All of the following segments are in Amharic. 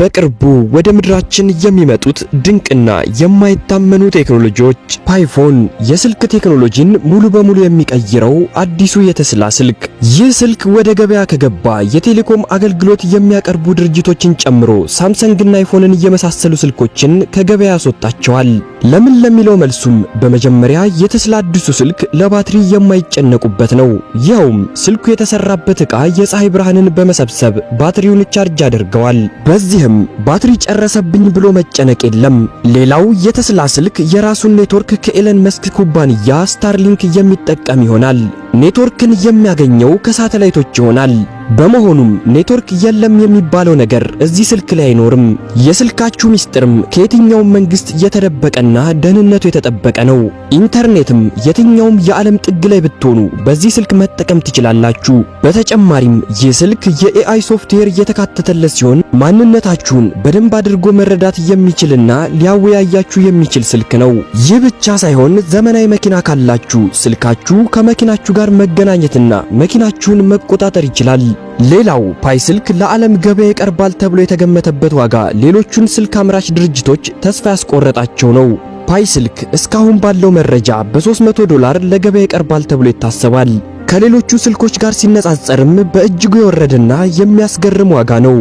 በቅርቡ ወደ ምድራችን የሚመጡት ድንቅና የማይታመኑ ቴክኖሎጂዎች ፓይፎን የስልክ ቴክኖሎጂን ሙሉ በሙሉ የሚቀይረው አዲሱ የተስላ ስልክ። ይህ ስልክ ወደ ገበያ ከገባ የቴሌኮም አገልግሎት የሚያቀርቡ ድርጅቶችን ጨምሮ ሳምሰንግና አይፎንን የመሳሰሉ ስልኮችን ከገበያ ያስወጣቸዋል። ለምን ለሚለው መልሱም በመጀመሪያ የቴስላ አዲሱ ስልክ ለባትሪ የማይጨነቁበት ነው። ይኸውም ስልኩ የተሰራበት ዕቃ የፀሐይ ብርሃንን በመሰብሰብ ባትሪውን ቻርጅ አድርገዋል። በዚህም ባትሪ ጨረሰብኝ ብሎ መጨነቅ የለም። ሌላው የቴስላ ስልክ የራሱን ኔትወርክ ከኤለን መስክ ኩባንያ ስታርሊንክ የሚጠቀም ይሆናል። ኔትወርክን የሚያገኘው ከሳተላይቶች ይሆናል። በመሆኑም ኔትወርክ የለም የሚባለው ነገር እዚህ ስልክ ላይ አይኖርም። የስልካችሁ ሚስጥርም ከየትኛውም መንግስት የተደበቀና ደህንነቱ የተጠበቀ ነው። ኢንተርኔትም የትኛውም የዓለም ጥግ ላይ ብትሆኑ በዚህ ስልክ መጠቀም ትችላላችሁ። በተጨማሪም ይህ ስልክ የኤአይ ሶፍትዌር እየተካተተለት ሲሆን ማንነታችሁን በደንብ አድርጎ መረዳት የሚችልና ሊያወያያችሁ የሚችል ስልክ ነው። ይህ ብቻ ሳይሆን ዘመናዊ መኪና ካላችሁ ስልካችሁ ከመኪናችሁ ጋር መገናኘትና መኪናችሁን መቆጣጠር ይችላል። ሌላው ፓይ ስልክ ለዓለም ገበያ ይቀርባል ተብሎ የተገመተበት ዋጋ ሌሎቹን ስልክ አምራች ድርጅቶች ተስፋ ያስቆረጣቸው ነው። ፓይ ስልክ እስካሁን ባለው መረጃ በ300 ዶላር ለገበያ ይቀርባል ተብሎ ይታሰባል። ከሌሎቹ ስልኮች ጋር ሲነጻጸርም በእጅጉ የወረደና የሚያስገርም ዋጋ ነው።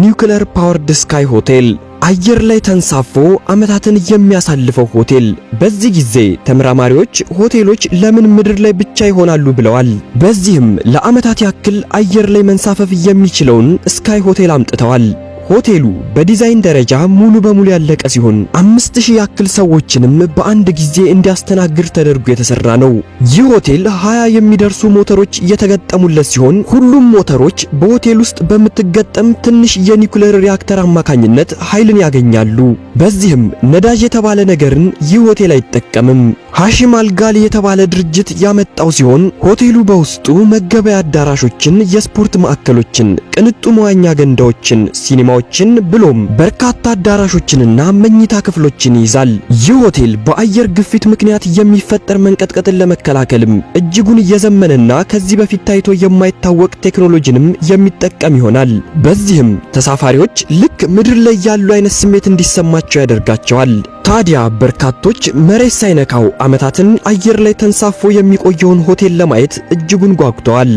ኒውክለር ፓወርድ ስካይ ሆቴል አየር ላይ ተንሳፎ ዓመታትን የሚያሳልፈው ሆቴል። በዚህ ጊዜ ተመራማሪዎች ሆቴሎች ለምን ምድር ላይ ብቻ ይሆናሉ ብለዋል። በዚህም ለዓመታት ያክል አየር ላይ መንሳፈፍ የሚችለውን ስካይ ሆቴል አምጥተዋል። ሆቴሉ በዲዛይን ደረጃ ሙሉ በሙሉ ያለቀ ሲሆን አምስት ያክል ሰዎችንም በአንድ ጊዜ እንዲያስተናግድ ተደርጎ የተሰራ ነው። ይህ ሆቴል 20 የሚደርሱ ሞተሮች የተገጠሙለት ሲሆን ሁሉም ሞተሮች በሆቴል ውስጥ በምትገጠም ትንሽ የኒኩሌር ሪያክተር አማካኝነት ኃይልን ያገኛሉ። በዚህም ነዳጅ የተባለ ነገርን ይህ ሆቴል አይጠቀምም። ሐሺም አልጋሊ የተባለ ድርጅት ያመጣው ሲሆን ሆቴሉ በውስጡ መገበያ አዳራሾችን፣ የስፖርት ማዕከሎችን፣ ቅንጡ መዋኛ ገንዳዎችን፣ ሲኒማ ከተማዎችን ብሎም በርካታ አዳራሾችንና መኝታ ክፍሎችን ይይዛል። ይህ ሆቴል በአየር ግፊት ምክንያት የሚፈጠር መንቀጥቀጥን ለመከላከልም እጅጉን የዘመነና ከዚህ በፊት ታይቶ የማይታወቅ ቴክኖሎጂንም የሚጠቀም ይሆናል። በዚህም ተሳፋሪዎች ልክ ምድር ላይ ያሉ አይነት ስሜት እንዲሰማቸው ያደርጋቸዋል። ታዲያ በርካቶች መሬት ሳይነካው ዓመታትን አየር ላይ ተንሳፎ የሚቆየውን ሆቴል ለማየት እጅጉን ጓጉተዋል።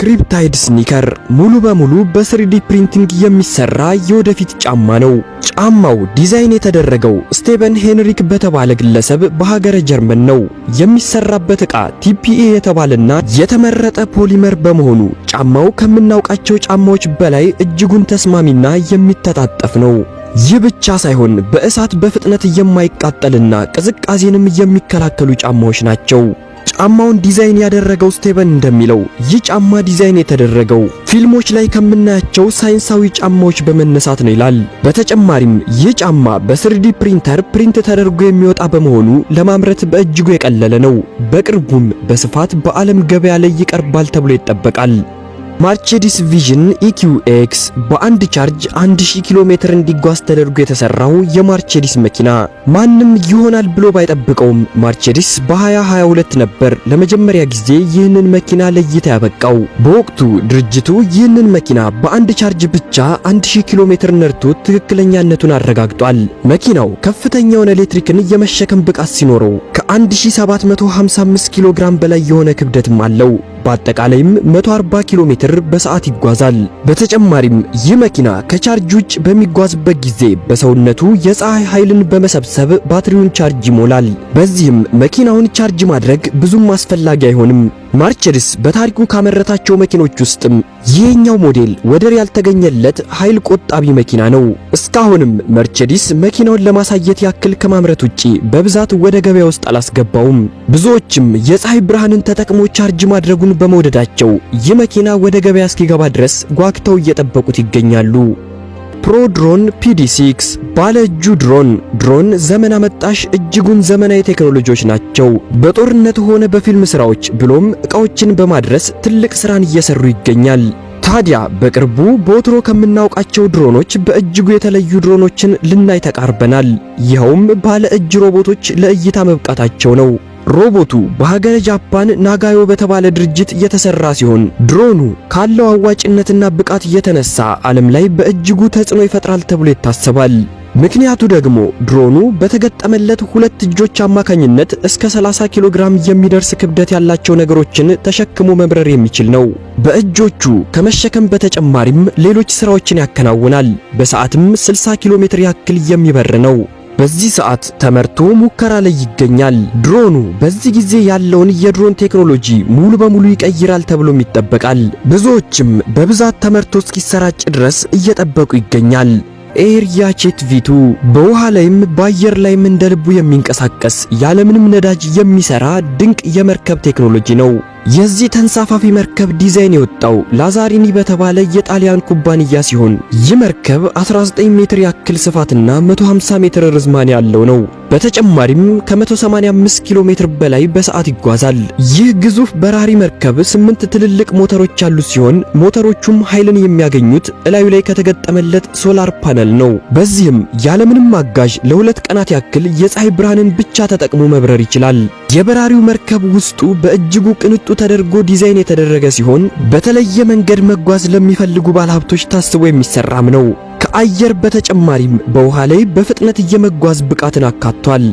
ክሪፕታይድ ስኒከር ሙሉ በሙሉ በስሪዲ ፕሪንቲንግ የሚሰራ የወደፊት ጫማ ነው። ጫማው ዲዛይን የተደረገው ስቴቨን ሄንሪክ በተባለ ግለሰብ በሀገረ ጀርመን ነው። የሚሰራበት ዕቃ ቲፒኤ የተባለና የተመረጠ ፖሊመር በመሆኑ ጫማው ከምናውቃቸው ጫማዎች በላይ እጅጉን ተስማሚና የሚተጣጠፍ ነው። ይህ ብቻ ሳይሆን በእሳት በፍጥነት የማይቃጠልና ቅዝቃዜንም የሚከላከሉ ጫማዎች ናቸው። ጫማውን ዲዛይን ያደረገው ስቴቨን እንደሚለው ይህ ጫማ ዲዛይን የተደረገው ፊልሞች ላይ ከምናያቸው ሳይንሳዊ ጫማዎች በመነሳት ነው ይላል። በተጨማሪም ይህ ጫማ በስሪዲ ፕሪንተር ፕሪንት ተደርጎ የሚወጣ በመሆኑ ለማምረት በእጅጉ የቀለለ ነው። በቅርቡም በስፋት በዓለም ገበያ ላይ ይቀርባል ተብሎ ይጠበቃል። ማርቼዲስ ቪዥን EQX በአንድ ቻርጅ 1000 ኪሎ ሜትር እንዲጓዝ ተደርጎ የተሰራው የማርቼዲስ መኪና ማንም ይሆናል ብሎ ባይጠብቀውም ማርቼዲስ በ2022 ነበር ለመጀመሪያ ጊዜ ይህንን መኪና ለእይታ ያበቃው። በወቅቱ ድርጅቱ ይህንን መኪና በአንድ ቻርጅ ብቻ 1000 ኪሎ ሜትር ነድቶት ትክክለኛነቱን አረጋግጧል። መኪናው ከፍተኛ የሆነ ኤሌክትሪክን የመሸከም ብቃት ሲኖረው ከ1755 ኪሎ ግራም በላይ የሆነ ክብደትም አለው። በአጠቃላይም 140 ኪሎ ሜትር በሰዓት ይጓዛል። በተጨማሪም ይህ መኪና ከቻርጅ ውጭ በሚጓዝበት ጊዜ በሰውነቱ የፀሐይ ኃይልን በመሰብሰብ ባትሪውን ቻርጅ ይሞላል። በዚህም መኪናውን ቻርጅ ማድረግ ብዙም አስፈላጊ አይሆንም። ማርቸድስ በታሪኩ ካመረታቸው መኪኖች ውስጥም ይህኛው ሞዴል ወደር ያልተገኘለት ኃይል ቆጣቢ መኪና ነው። እስካሁንም መርቸዲስ መኪናውን ለማሳየት ያክል ከማምረት ውጪ በብዛት ወደ ገበያ ውስጥ አላስገባውም። ብዙዎችም የፀሐይ ብርሃንን ተጠቅሞ ቻርጅ ማድረጉን በመውደዳቸው ይህ መኪና ወደ ገበያ እስኪገባ ድረስ ጓግተው እየጠበቁት ይገኛሉ። ፕሮ ድሮን ፒዲ6 ባለ እጁ ድሮን ድሮን ዘመን አመጣሽ እጅጉን ዘመናዊ ቴክኖሎጂዎች ናቸው። በጦርነት ሆነ በፊልም ስራዎች ብሎም እቃዎችን በማድረስ ትልቅ ስራን እየሰሩ ይገኛል። ታዲያ በቅርቡ በወትሮ ከምናውቃቸው ድሮኖች በእጅጉ የተለዩ ድሮኖችን ልናይ ተቃርበናል። ይኸውም ባለ እጅ ሮቦቶች ለእይታ መብቃታቸው ነው። ሮቦቱ በሀገረ ጃፓን ናጋዮ በተባለ ድርጅት የተሰራ ሲሆን ድሮኑ ካለው አዋጭነትና ብቃት የተነሳ ዓለም ላይ በእጅጉ ተጽዕኖ ይፈጥራል ተብሎ ይታሰባል። ምክንያቱ ደግሞ ድሮኑ በተገጠመለት ሁለት እጆች አማካኝነት እስከ 30 ኪሎ ግራም የሚደርስ ክብደት ያላቸው ነገሮችን ተሸክሞ መብረር የሚችል ነው። በእጆቹ ከመሸከም በተጨማሪም ሌሎች ስራዎችን ያከናውናል። በሰዓትም 60 ኪሎ ሜትር ያክል የሚበር ነው። በዚህ ሰዓት ተመርቶ ሙከራ ላይ ይገኛል። ድሮኑ በዚህ ጊዜ ያለውን የድሮን ቴክኖሎጂ ሙሉ በሙሉ ይቀይራል ተብሎም ይጠበቃል። ብዙዎችም በብዛት ተመርቶ እስኪሰራጭ ድረስ እየጠበቁ ይገኛል። ኤርያ ቼት ቪቱ በውሃ ላይም በአየር ላይም እንደ ልቡ የሚንቀሳቀስ ያለምንም ነዳጅ የሚሰራ ድንቅ የመርከብ ቴክኖሎጂ ነው። የዚህ ተንሳፋፊ መርከብ ዲዛይን የወጣው ላዛሪኒ በተባለ የጣሊያን ኩባንያ ሲሆን ይህ መርከብ 19 ሜትር ያክል ስፋትና 150 ሜትር ርዝማን ያለው ነው። በተጨማሪም ከ185 ኪሎ ሜትር በላይ በሰዓት ይጓዛል። ይህ ግዙፍ በራሪ መርከብ ስምንት ትልልቅ ሞተሮች ያሉት ሲሆን ሞተሮቹም ኃይልን የሚያገኙት እላዩ ላይ ከተገጠመለት ሶላር ፓነል ነው። በዚህም ያለምንም አጋዥ ለሁለት ቀናት ያክል የፀሐይ ብርሃንን ብቻ ተጠቅሞ መብረር ይችላል። የበራሪው መርከብ ውስጡ በእጅጉ ቅንጡ ተደርጎ ዲዛይን የተደረገ ሲሆን በተለየ መንገድ መጓዝ ለሚፈልጉ ባለሀብቶች ታስቦ የሚሰራም ነው። ከአየር በተጨማሪም በውሃ ላይ በፍጥነት የመጓዝ ብቃትን አካቷል።